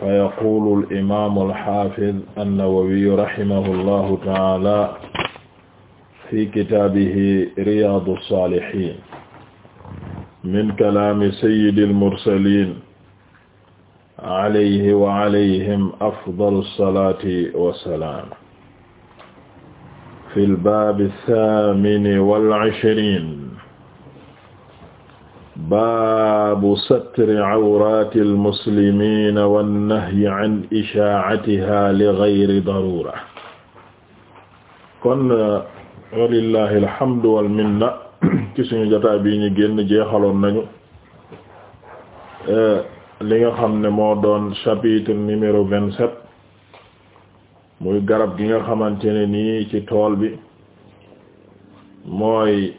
fa yaqulu al-imaamu al-haafiz an-Nawawi rahimahullahu ta'aala fi kitaabihi Riyaadu Saalihiin min kalaami sayyidil mursaliin alayhi wa alayhim afdalu salaati wa salaam fil baabi saamini wal ishriin baabu satri awraati almuslimiina wannahyi an ishaa'atihaa li gayri daruura kon walillahi alhamdu wal minna ci suñu jotaay bi ñu génn jeexaloon nañu li nga xam ne moo doon chapitre numéro vingt-sept muy garab gi nga xamante ne nii ci tool bi mooy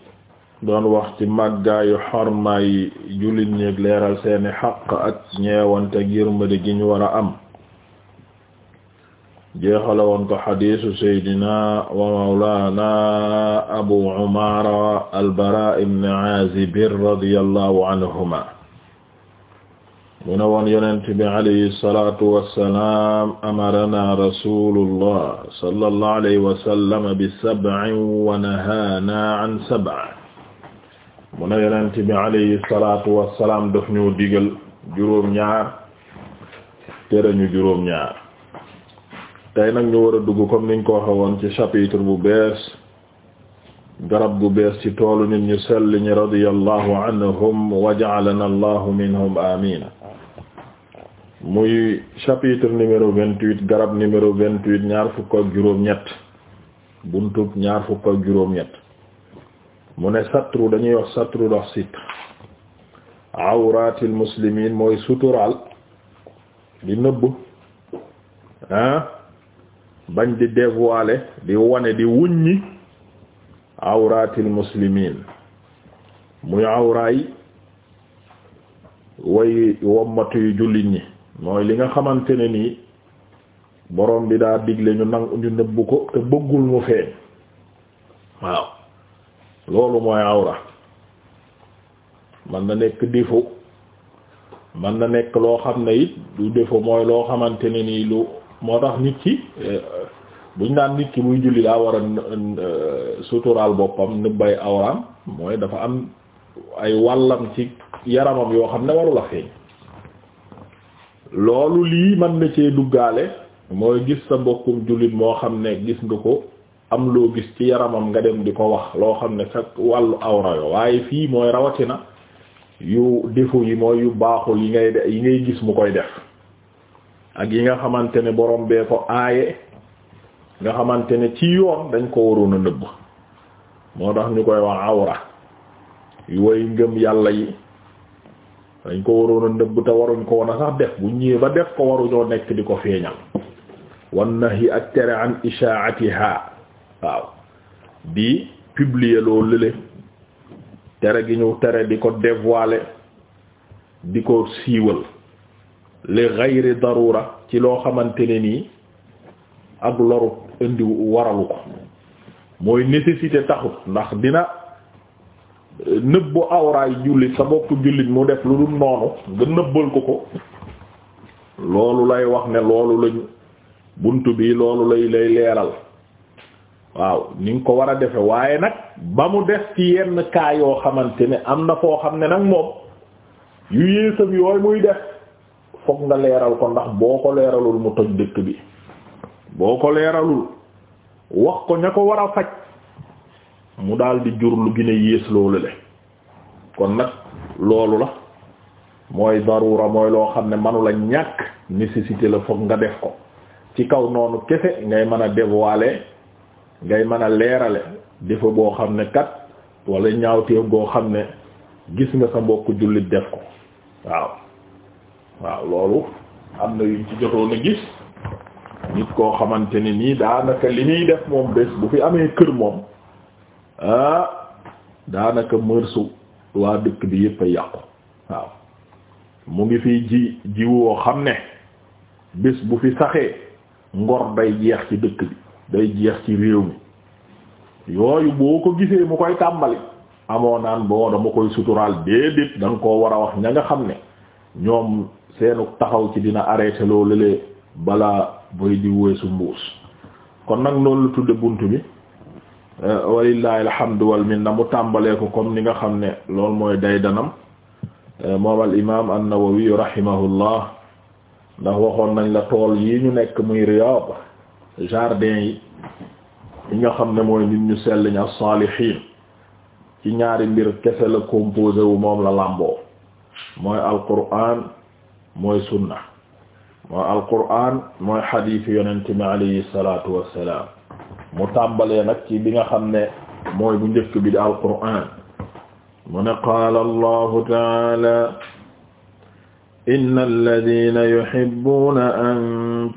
doon wax ci màggaayu xormaa yi jullit ñeeg leeral seeni xaq ak ñeewante yërmande gi ñu war a am jeexale woon ko xadiisu seydina wa mawlaana abu umaara albara ibn aazib radiyallahu anhuma mu ne woon yonent bi alayhi salaatu wassalaam amarana rasulullah sallallahu alayhi wa sallam bi sab'in wa nahaana an sab'in mu na yonent bi alayhi salaatu wassalaam daf ñoo digal juróom ñaar tere ñu juróom ñaar tey nag ñu war a dugg comme niñ ko waxe woon ci chapitre bu bees garab gu bees ci toolu nit ñu sell ñi radiyallahu anhum wa ja'alana allahu minhum amiin muy chapitre numéro vingt-huit garab numéro vingt-huit ñaar fukk ak juróom ñett buntub ñaar fukk ak juróom ñett mu ne satru dañuy wax satru dox sitre awratil muslimin mooy sutural di nëbb ah bañ di dévoiler di wane di wuññi awratil muslimin muy awraay way wommatu yu jullit ñi mooy li nga xamante ne nii borom bi daa digle ñu nang ñu nëbb ko te bëggul mu feeñ waaw loolu mooy awra man na nekk défaut man na nekk loo xam ne it du défaut mooy loo xamante ne nii lu moo tax nit ki eh, buñ naan nit ki muy julli daa war a eh, suturaal boppam nëbbay awraam mooy dafa am ay wàllam ci yaramam yoo xam ne waru la feeñ loolu lii man na cee duggaale mooy gis sa mbokkum jullit moo xam ne gis nga ko am loo gis ci yaramam nga dem di ko wax loo xam ne sa wàllu awra yo waaye fii mooy rawatina yu defu yi mooy yu baaxul yi ngay yi ngay gis mu koy def ak yi nga xamante ne borom bee ko aaye nga xamante ne ci yoon dañ ko waroon a nëbb moo tax ñu koy wax awra yu way ngëm yàlla yi dañ ko waroon a nëbb te waruñ ko woon sax def bu ñëwee ba def ko waruñoo nekk di ko feeñal wan nahi ak tere an ishaatiha waaw di publier loolu lële tere gi ñu tere di ko dévoiler di ko siiwal li gayri darura ci loo xamante ne nii ak loru indi waralu ko mooy nécessité taxut ndax dina nëbbu awraay jullit sa bopp jullit mu def lu dul noonu nga nëbbal ko ko loolu lay wax ne loolu lañ bunt bi loolu lay lay leeral waaw ni nga ko war a defe waaye nag ba mu des ci yenn kaa yoo xamante ne am na foo xam ne nag moom yu yéesam yooyu muy def fokk nga leeral ko ndax boo ko leeralul mu toj dëkk bi boo ko leeralul wax ko ña ko war a faj mu daal di jur lu gën yées loolu le kon nag loolu la mooy darura mooy loo xam ne manula ñàkk nécessité la fokk nga def ko ci kaw noonu kese ngay mën a dévoiler ngay mën a leerale defa boo xam ne kat walla ñaawteef boo xam ne gis nga sa mbokk jullit def ko waaw waaw loolu am na yuñ ci jotoon a gis nit koo xamante ni nii daanaka li ñuy def moom bés bu fi amee kër moom ah daanaka mërsu waa dëkk bi yépp a yàqu waaw mu ngi fi ji jiwoo xam ne bés bu fi saxee ngor day jeex ci dëkk bi day jeex ci réew mi yooyu boo ko gisee mu koy tàmbali amoo naan boo dama koy suturaal déedéet da nga koo war a wax ña nga xam ne ñoom seenu taxaw ci dina arrêté loolu lee balaa bay di weesu mbuus kon nag loolu la tudde bunt bi eh, walillahi alhamdu wal minna mu tàmbalee ko comme ni nga xam ne lool mooy day danam eh, moom al imaam an-Nawawi rahimahullah ndax waxoon nañ la tool yi ñu nekk muy Riyad jardin yi ñi nga xam ne mooy nit ñu sell ña saalihiin ci ñaari mbir kese la composé wu moom la làmboo mooy alquran mooy sunna mooy alquran mooy xadiis yonent mi alayhi salaatu wassalaam mu tàmbalee nag ci bi xam ne mooy bu njëkk bi di alquran mu ne qaala allahu taala inna alladina yuhibbuuna an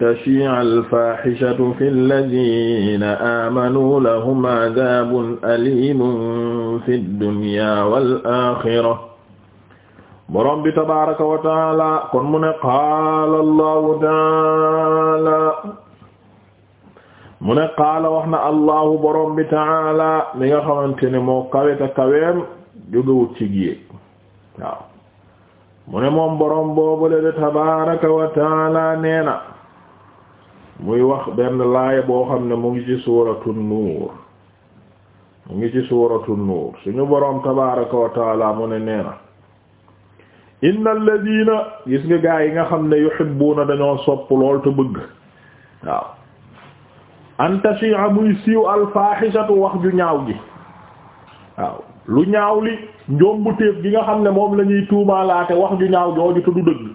tashii'a alfaaxishatu fi alladina aamanuu lahum adaabun aliimun fi dunya wal aaxira boroom bi tabaaraka wa taala kon mu ne qaala allahu taala mu ne qaala wax na allahu boroom bi taala mi nga xamante ne moo kaweta kaweem jógawut ci gi waaw mu ne moom boroom boobule de tabaraka wa taala nee na muy wax benn laaya boo xam ne mu ngi ci suuratu nuur mu ngi ci suuratu nuur suñu boroom tabaraka wa mu ne nee na inna alladina gis nga gaa yi nga xam ne yuhibbuuna dañoo sopp lool te bëgg waaw an tashi'a muy siiw alfaaxisatu wax ju ñaaw gi waaw lu ñaaw li njombuteef gi nga xam ne moom lañuy ñuy tuumaalaate wax ju ñaaw jooju te du dëgg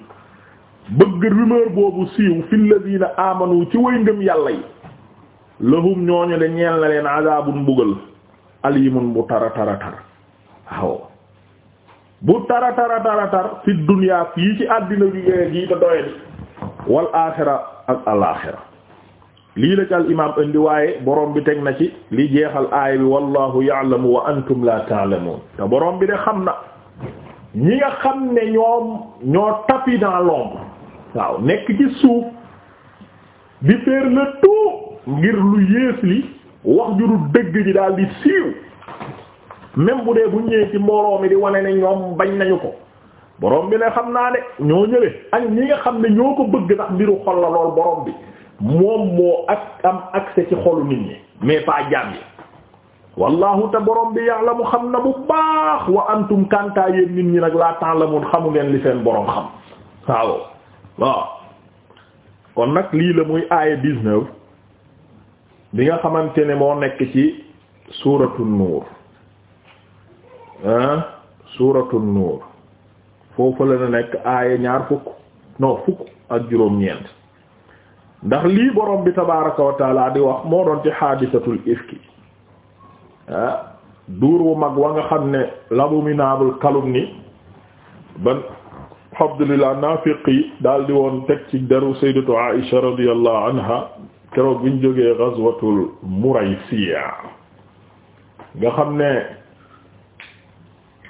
bëgg rumeur boobu siiw fi ladina amanu ci way ngëm yàlla yi lahum ñooñu de ñeel na leen azabun mbugal alimun bu tara tara tara tara tara tar fii ci àddina bi gii te wal axira ak al axira lii la ci al indi waaye borom bi teg na ci li jeexal aaya bi wallahu ya'lamu wa antum la ta'lamun te borom bi de xam na ñi nga xam ne ñoom ñoo tapi dans waaw nekk ci suuf di ngir lu yées li wax ju ji daal di bu dee bu ñëwee ci wane ne ñoom bañ nañu ko borom bi ne xam naa ne ñoo ñëwee ak ñi nga xam ne ñoo ko bëgg ndax mbiru xol la lool borom bi. moom moo ak am accès ci xolu nit ñi mais pas jaam yi wallahu te borom bi mu xam na bu baax wa antum kantaa yéen nit ñi nag laa ta'lamun xamu ngeen li seen boroom xam waaw waaw kon nag lii la muy aaya dix bi nga xamante ne moo nekk ci suuratu nuur suuratu nuur foofu la na nekk aaya ñaar fukk non fukk ak juróom-ñeent ndax lii boroom bi tabaraka wa taala di wax moo doon ci xaadisatul ifki ah duur bu mag wa nga xam ne l'abominable calomnie ban alhamdulillah naafiq yi daal di woon teg ci deru sayyidatu Aisha radiyallahu anha keroog biñ jógee ghazwatul Muraysiya nga xam ne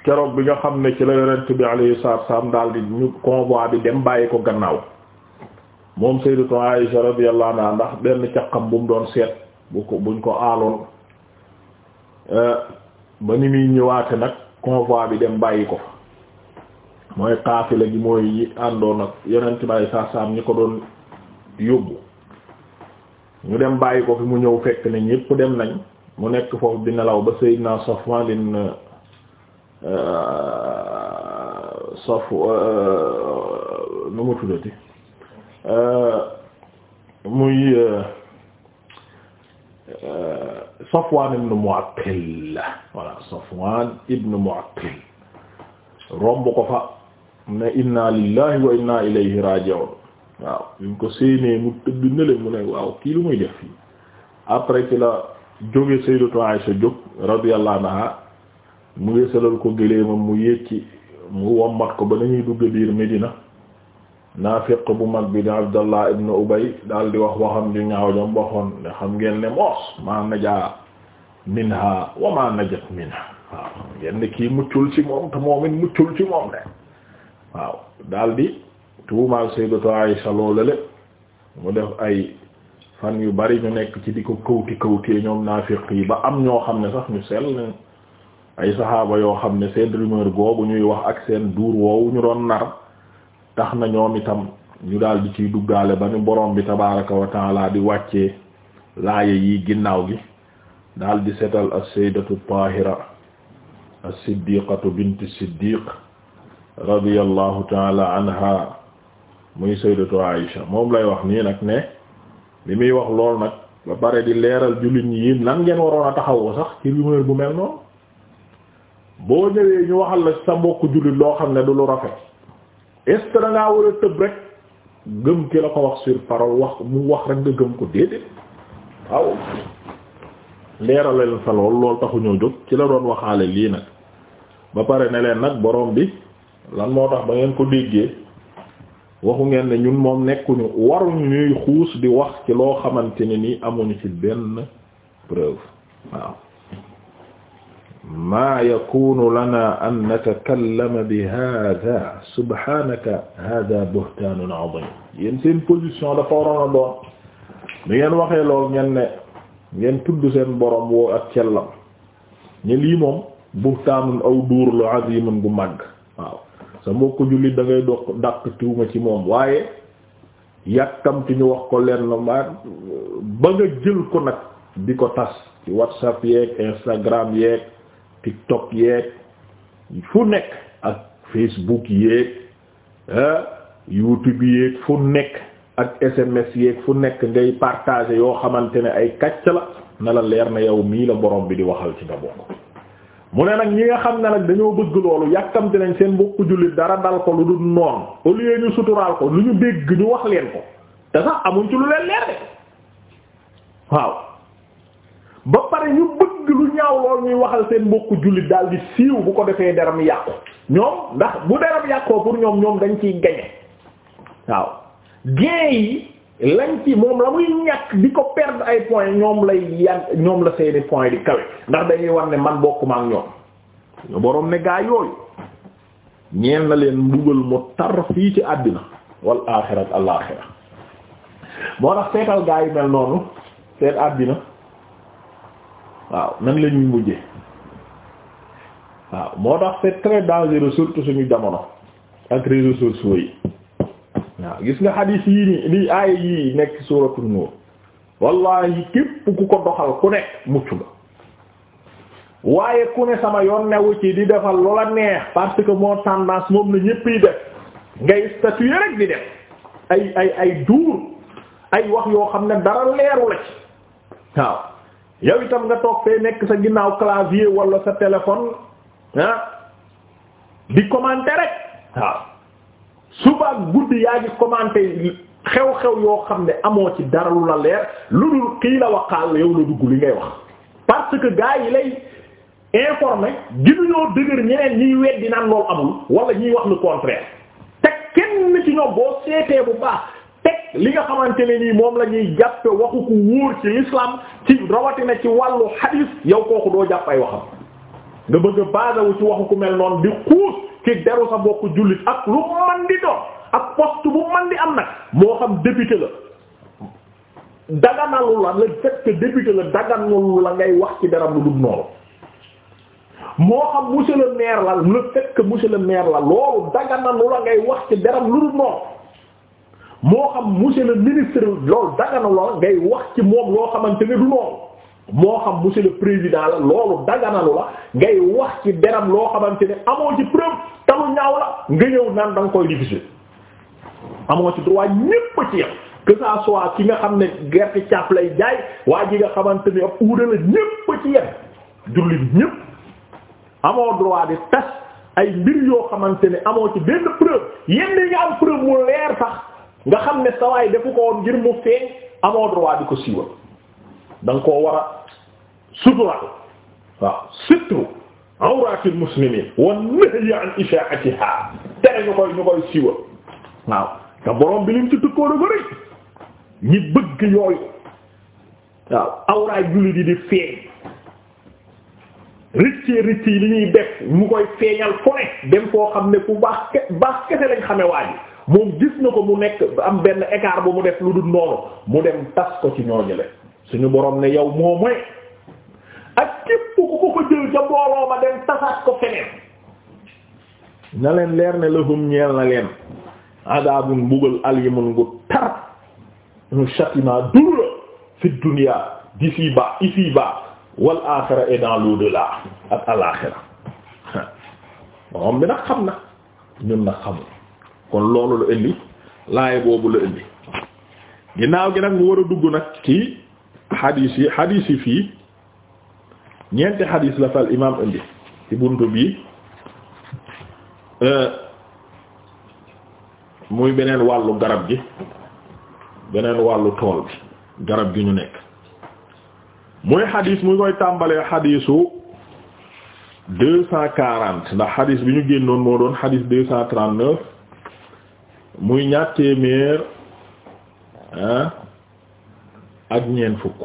keroog bi nga xam ne ci la yonent bi alayhi salaatu wa salaam di ñu convoi bi dem bàyyi ko gannaaw moom sayyidatu Aisha radiyallahu anha ndax benn caqam bu mu doon seet bu ko buñ ko aaloon euh, ba ni muy ñëwaate nag convoi bi dem bàyyi ko fa mooy xaafila gi mooy àndoon ak yonent bi saa saam ñi ko doon yóbbu ñu dem bàyyi ko fi mu ñëw fekk ne ñépp dem nañ mu nekk foofu di nelaw ba sayyidna Safwan ibn euh, Saf euh, nu mu tuddati Euh, muy euh, euh, Safwan ibn Mu'attil voilà Safwan ibn Mu'attil romb ko fa ne inna lillahi wa inna ilayhi raji'un waaw bi mu ko séenee mu tëdd ne leen mu ne waaw kii lu muy def fii après ci la jóge Sayyidatu Aisha jóg radiyallahu anha mu ngi selal ko gëléemam mu yéeg ci mu wommat ko ba nañuy dugg biir Medina naafiq bu mag bi di Abdallah ibn Ubay daal di wax waxam ju ñaaw jam waxoon ne xam ngeen ne moos maa najaa minha wa maa najat minha waaw ngeen ne kii muccul ci moom te moom it muccul ci moom de waaw daal di tuumaal Sayyidatu Aisha loolu le mu def ay fan yu bari ñu nekk ci di ko kawti kawtee ñoom naafiq yi ba am ñoo xam ne sax ñu sell ay saxaaba yoo xam ne seen rumeur googu ñuy wax ak seen duur woowu ñu doon nar tax na ñoom itam ñu daal di ciy duggaale ba ñu borom bi tabaraka wa taala di wàcce laaya yi ginnaaw gi daldi di setal as-sayyidatu tahira as-siddiqatu bint siddiq radiyallahu taala anha muy sayyidatu Aisha moom lay wax nii nag ne li muy wax lool nag ba bare di leeral jullit ñi yéen lan ngeen waroon a taxawoo sax ci rumeur bu mel noonu boo ñëwee ñu waxal la sa mbokk jullit loo xam ne du lu rafet est ce war a tëb rek gëm ki la ko wax sur parole wax mu wax rek nga gëm ko déedéet waaw leerale leen sa lool loolu taxu ñoo jóg ci la doon waxaale lii nag ba pare ne leen nag borom bi lan moo tax ba ngeen ko déggee waxu ngeen ne ñun moom nekkuñu waruñu ñuy xuus di wax ci loo xamante ne nii amuñu ci benn preuve waaw ma yakunu lana an natakallama bi hada subhanaka hada buhtaanun azim yéen seen position dafa waroon a doon li ngeen waxee lool ngeen ne ngeen tudd seen borom woo ak cellam ñe lii moom buhtaanun aw duur lu azimun gu màgg waaw sa mbokk jullit da ngay dàq tuuma ci moom waaye yàkkamti ñu wax ko leen ma ba nga jël ko nag di ko tas ci whatsapp yeeg instagram yeeg tiktok yeeg fu nekk ak facebook yeeg ah, youtube yeeg fu nekk ak sms yeeg fu nekk ngay partager yoo xamante ne ay kàcc la na la leer na yow mii la borom bi di waxal ci nga bokk mu ne nag ñi nga xam ne nag dañoo bëgg loolu yàkkamte nañ seen mbokku jullit dara dal ko lu du noonu au lieu ñu suturaal ko lu ñu dégg ñu wax leen ko te amuñ ci lu leen leer de waaw ba pare ñu bëgg lu ñaaw lool ñuy waxal seen mbokku jullit daal di siiw bu ko defee deram yàqu ñoom ndax bu deram yàqoo pour ñoom ñoom dañ ciy gañe waaw gain yi lañ ci moom la muy ñàkk di ko perdre ay points ñoom la seeni points di kawe ndax dañuy war ne man bokkuma ak ñoom ñu boroom ne gaa yooyu ñeen na leen mbugal mu tar fii ci àddina wal aaxirat al aaxira moo tax seetal gaa yi mel noonu seet àddina waaw nan la ñuy mujjee waaw moo tax c'est très dangereux surtout suñu jamono ak réseaux sociaux yi waaw gis nga xadiis yii nii nii aaya yii nekk suuratul nuur wallahi képp ku ko doxal ku ne mucc nga waaye ku ne sama yoon newu ci di defal loola neex parce que moo tendance moom la ñépp yi def ngay statuer rek di def ay ay ay duur ay wax yoo xam ne dara leeru la ci waaw yow itam nga toog fee nekk sa ginnaaw clavier wala sa téléphone ah, di commenter rek waaw suba guddi yaa ngi commenter xew-xew yoo xam ne amoo ci dara lu la leer lu dul xii la waxaal yow la dugg li ngay wax parce que gars yi lay informé ginuñoo dëgër ñeneen ñiy weddi naan loolu amul wala ñiy wax le contraire te kenn ci ñoom boo seetee bu baax li nga xamante ne nii moom lañuy ñuy jàppe waxu wóor ci l'islam ci rawatina ci wàllu hadith yow kooku doo jàpp ay waxam nga bëgg a ci waxu ku mel noonu di xuus ci deru sa bokk jullit ak lu man di doon ak poste bu man di am nag moo xam député la daganalu la le fait que la daganalu la ngay wax ci deram lu dul noonu moo xam monsieur le maire la le fait que monsieur le la loolu daganalu la ngay wax ci deram lu dul noonu moo xam monsieur le ministre loolu dagana la ngay wax ci moom loo xamante ne du noonu moo xam monsieur le président la loolu daganalu la ngay wax ci deram loo xamante ne amoo ci preuve talu ñaaw la nga ñëw naan da nga koy diffuser amoo ci droit ñépp ci yow ki nga xam ne gerte caaf lay jaay waa ji nga xamante ne ab uude ci yow jullit ñépp amoo droit di tas ay mbir yoo xamante ne amoo ci benn preuve yenn yi nga am preuve mu leer sax nga xam ne sawaay defu ko woon ngir mu feeñ amoo droit di ko siiwal danga nga koo war a sutural waaw sitru awratil muslimin wa nahyi an isha'atiha tere ñu koy ñu koy siiwal waaw te borom bi lim ci tëkkoon a ko rek ñi bëgg yooyu waaw awraay jullit yi di feeñ rëccee rëcc yi li ñuy def mu koy feeñal fu ne dem foo xam ne fu baax baax kese lañ xame waaji moom gis na ko mu nekk am benn écart bu mu def lu dul noonu mu dem tas ko ci ñooñule suñu boroom ne yow moo mooy ak képp ku ko ko jël ca mbooloo ma dem tasaat ko feneen na leen leer ne lahum ñeel na leen adabun mbugal alimun gu tar ñu châtiment dur fi dunya d'ici bas ici wal axira et dans l'au-delà ak al moom bi nag xam na ñun nag xamul kon loolu la indi laay boobu la indi ginnaaw gi nag mu war a dugg nag kii xadiis yi xadiis yi fii ñeenti xadiis la fa imaam indi ci buntu bi euh, muy beneen wàllu garab gi beneen wàllu tool bi garab gi ñu nekk muy xadiis mu koy tàmbalee xadiisu deux cent quarante ndax xadiis bi ñu génnoon moo doon xadiis deux cent trente-neuf muy ñaar téeméer ah ak ñeent fukk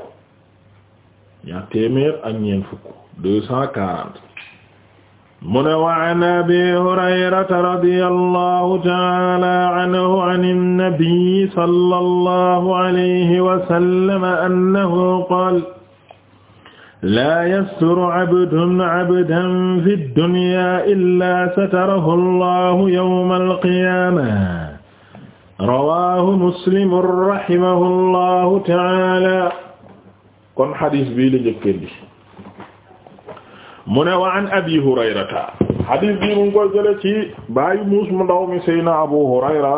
ñaar téeméer ak ñeent fukk deux cent quarante mu ne wa an abi hurayrata radiyallahu ta'ala anhu an an-nabi sallallahu alayhi wa sallam annahu qala la yasturu abdun abdan fi ad-dunya illa satarahu allahu yawma al-qiyamah rawaahu muslim rahimahullahu taala kon xadis bii la njëkkeen bi mu ne wa an abi hurayrata xadis bii mu ngi koy jële ci baayu muus mu ndaw mi sayna abu hurayra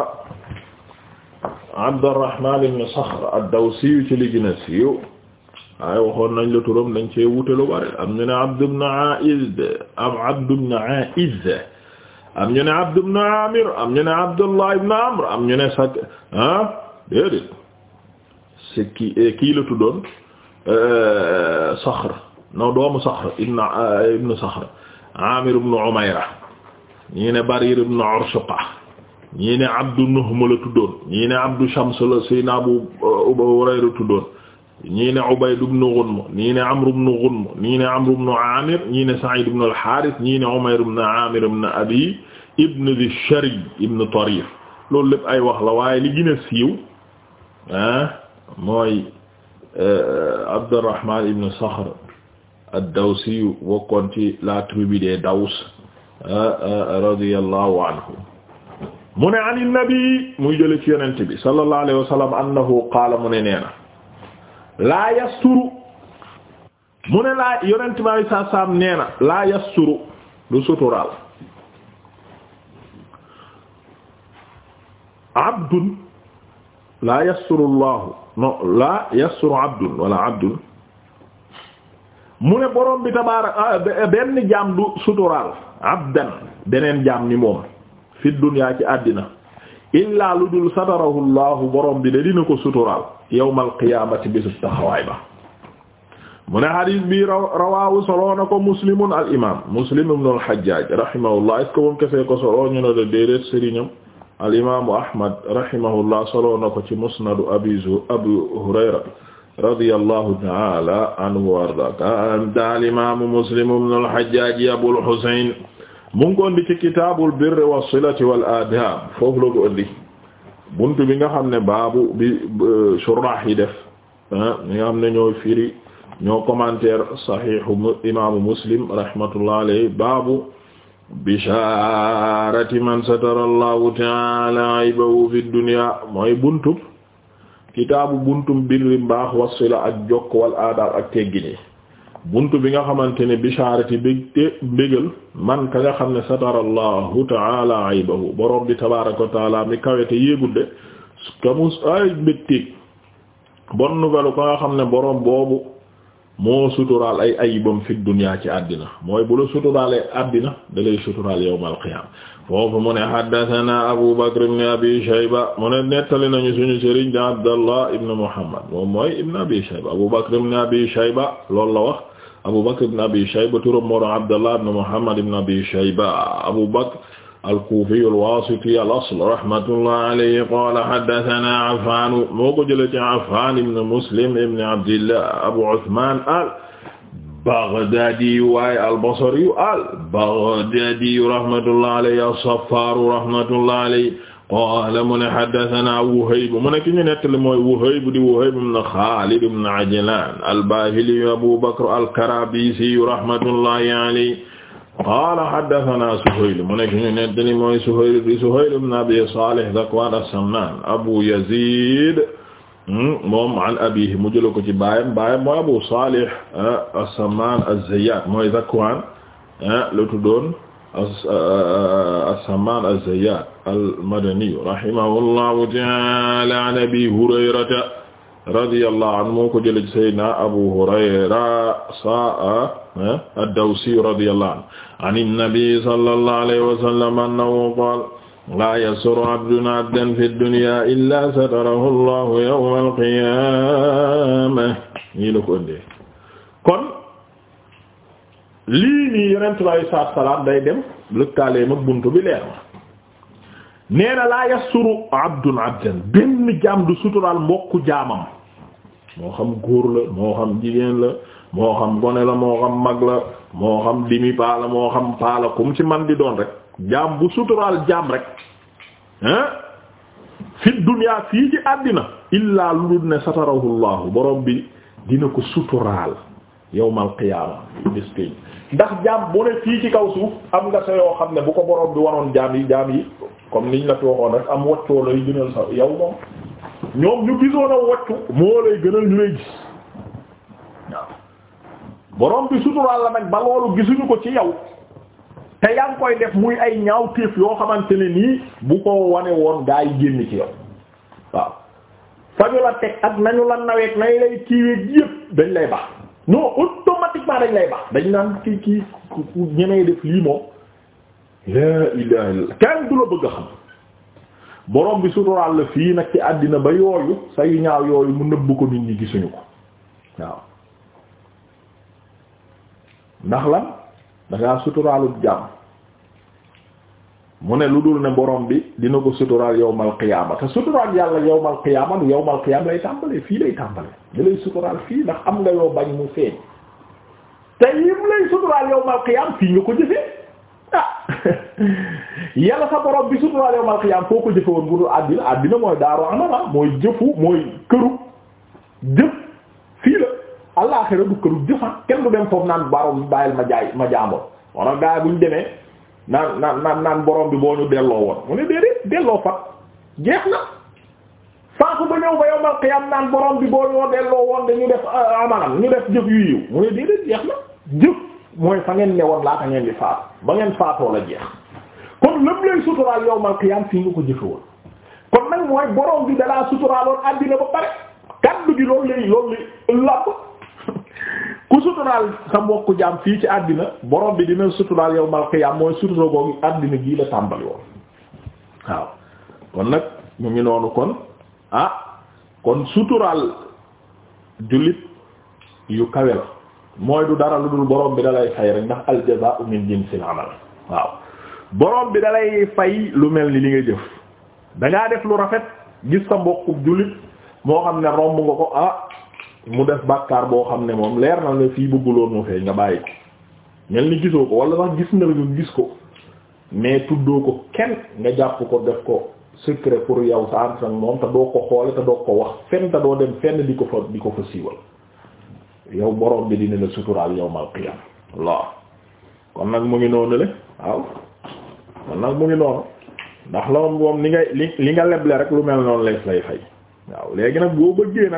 abdarrahman ibn sakhr ad-dawsi ci li gën a siiw waaye waxoon nañ la turam dañ cee wute lu bari am ñu ne abd ibn aiz am abd ibn aiz am ñu ne Abd ibn Amir am ñu ne Abdullah ibn Amr am ñu ne sak ah déedéet c'est kii eh, kii la tuddoon euh, Saxr no doomu Saxr ibn euh, ibn Saxr Amir ibn Umayra ñii ne Barir ibn Urshuqa ñii ne Abdu Nuhm la tuddoon ñii ne Abdu Shams la Sayyidina Abu Hurayra euh, tuddoon ñii ne Ubayd ibn Ghunm ñii ne Amr ibn Ghunm ñii ne Amr ibn Amir ñii ne Sa'id ibn al-Harith ñii ne Umayr ibn Amir ibn Abi ibn Dhi Shari ibn Tarif loolu lépp ay wax la waaye li gën a siiw ah mooy eh, Abdurrahman ibn Sakhr ad-Dawsi bokkoon ci la tribu des Daws ah, ah, radiyallahu anhu mu ne an nabi muy jële ci yonent bi sallallahu alayhi wa sallam annahu qaala mu ne nee na laa yasturu mu ne laa yonent bi alei saatu salaam nee na laa yasturu du suturaal abdun laa yasturu llahu no laa yasturu abdun wala abdun mu ne borom bi tabaaraka ah, benn jaam du suturaal abdan beneen jaam ni moom fi dunyaa ci àddina illaa lu dul satarahu llahu borom bi de dina ko suturaal yawmal qiyaamati bisu taxawaay ba mu ne xadis bi rawaahu soloo na ko muslimun al imam muslim ibn al hajjaj rahimahullah est ce que moom kese ko soloo ñu ne la déedéet sëriñam al imaamu ahmad rahimahullah soloo na ko ci musnadu abi zu abi hurayra radiyallahu ta'ala anhu wa arda al imaamu muslim ibn al hajjaj abul husayn mu ngi ko indi ci kitaabul birri was silati wal aadab foofu la ko indi bunt bi nga xam ne baabu bi surah yi def ah, ñi nga xam ne ñooy firi ñoo commentaire sahihu imaamu muslim rahmatullah alayhi baabu bisharati man satara allahu taala aybahu fi dunya mooy buntub kitaabu buntum birri mbaax wasila ak jokk wal aadab ak teggini bunt bi nga xamante ne bishaarati bégte bégal man ka nga xam ne satara allahu taala aybahu borom bi tabaaraka wa taala mi kawete yéegudde kamus ay mbégteeg bon nouvelle ka nga xam ne borom boobu moo suturaal ay ayibam fi dunya ci àddina mooy bu la suturaalee àddina da lay suturaal yawmal qiyaam foofu mu ne haddathana Abu Bakr ibn Abi Shayba mu ne nettali nañu suñu sëriñ da Abdallah ibn Muhammad moom mooy ibn Abi Shayba Abu Bakr ibn Abi Shayba loolu la Abu Bakr ibn Abi Shayba turam moo doon Abdallah ibn Muhammad ibn Abi Shayba Abu Bakr al-Kufi al-Wasiti al-asl rahmatullah alayhi qala haddathana Affan moo ko jëlee ci Affan ibn Muslim ibn Abdillah Abu Uthman al-Baghdadi waaye al-Basri al-Baghdadi rahmatullah alayhi as-Saffar rahmatullah alayhi qaala mu ne haddathana Wuhayb mu ne ki ñu nettali mooy Wuhayb di Wuhayb ibn Xaalid ibn Ajlaan al-Baahili Abu Bakr al-Karabisi rahmatullahi alayhi qaala haddathana Suhayl mu ne ki ñu nettali mooy Suhayl di Suhayl ibn Abi Saalih Zakwaan as-Sammaan Abu Yaziid hmm, moom an abiihi mu jël ko ci baayam baayam mooy Abu Saalih eh, as-Sammaan az-Zayyaat mooy Zakwaan eh, la tuddoon Uh, uh, as-Sammaan az-Zayyaat al-Madani rahimahullahu ta'aala an Abii Hurayrata radiyallahu anhu moo ko jëlee Seydina Abu Hurayra saa ad-Dawsi radiyallahu anhu an an-Nabii sallallahu alayhi wa sallam annahu qaala laa yasurru abdun abdan fi dunyaa illaa satarahu Allahu yawmal qiyaamah nii la ko ëndee lii nii yonent bi alayhi salaatu dem lëkkaalee mag buntu bi leer ma nee na laa yasturu abdun abdan benn jaam du suturaal mbokku jaamam moo xam góor la moo xam jigéen la moo xam gone la moo xam mag la moo xam dimi paa moo xam paa ci man di doon rek jaam bu suturaal jaam rek hein fi dunyaa fii ci àddina illaa lu dul ne satarahu llahu bi dina ko suturaal yawmal qiyaama bis ndax jaam bu ne fii ci kaw suuf am nga sa yoo xam ne bu ko borom bi wanoon jaam yi jaam yi comme niñ la fi waxoon rek am waccoo lay gënal sa yow moom ñoom ñu gisoon a waccu moo lay gënal ñu lay gis waaw borom bi suturaal la nag ba loolu gisuñu ko ci yow te yaa ngi koy def muy ay ñaaw téef yoo xamante ne nii bu ko wane woon gaa yi génn ci yow waaw fa ñu la teg ak nañu la naweeg nañ lay kiiweeg yépp dañ lay baax non automatiquement dañ lay baax dañ naan kii kii ku ñemee def lii moom la ilaha illallah kenn du la bëgg xam borom bi suturaal la fii nag ci àddina ba yooyu sa yu ñaaw yooyu mu nëbb ko nit ñi gisuñu ko waaw ndax lan dangaa suturaalul jàmm mu ne lu dul ne borom bi dina ko suturaal yawmal qiyaama te suturaal yàlla yawmal qiyaama du yawmal qiyaama lay tàmbalee fii lay tàmbalee da lay suturaal fii ndax am nga yoo bañ mu feeñ te yim lay suturaal ko jëfee ah yàlla bi suturaal yawmal foo ko jëfe woon bu dul àddina àddina mooy daaru amama mooy jëfu mooy këru jëf fii la àllaaxira du këru jëfa kenn du dem foofu naan baroom bàyyil ma jaay ma jaamoon wala gaa yi buñ demee. naan naan naan naan borom bi boo ñu delloo woon mu ne déedéet delloo fa jeex na faaku ba ñëw ba yowmal qiyam naan boroom bi boo ñoo delloo woon dañu def euh, amalam ñu def jëf yu yiw mu ne déedéet jeex na jëf mooy fa ngeen ne woon laata ngeen di faatu ba ngeen faatoo la jeex kon lépp lay suturaal yowmal qiyam fii nga ko jëfe woon kon nag mooy borom bi dalaa suturaaloon àddina ba pare kaddu gi loolu lay loolu làpp suturaal sa mbokku ci àddina borom bi dina suturaal yawmal qiyaam mooy sutura googu àddina gii la tàmbali nag mu ngi noonu kon ah, yu kawe la mooy dara lu dul bi da lay fay waaw borom bi da lay lu mel ni li nga jëf da ngaa def lu rafet gis sa mbokku jullit moo xam ne romb nga ko ah. mu def bàkkaar boo xam ne moom leer na la fii bëgguloon mu feeñ nga bàyyi ko mel ni gisoo ko wala sax gis na la nga gis ko mais tuddoo ko kenn nga jàpp ko def ko secret pour yow sa ànd moom te doo ko xoole te doo ko wax fenn te doo dem fenn di ko fa di ko fa siiwal yow boroom bi dina la suturaal yawmal qiyam waaw kon nag mu ngi noonu le waaw kon nag mu ngi noonu ndax la moom li nga li li nga leble rek lu mel noonu lay lay fay waaw léegi nag boo bëggee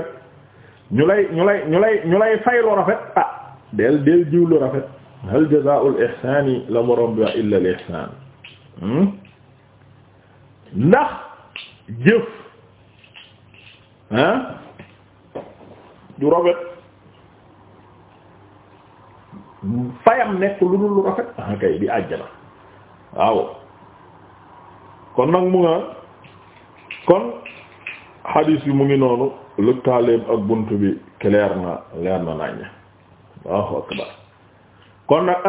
ñu lay ñu lay ñu lay ñu lay fay lu rafet ah del del jiw lu rafet hal jazaa'ul ihsaani la borom bi wax al ihsaan hmm? ndax jëf ah ju rafet fayam nekk lu dul lu rafet ah kay di àjjana waaw kon nag mu nga kon hadis bi mu ngi noonu lëkkaaleem ak bunt bi clair na leer na nañ Allahu akbar kon nag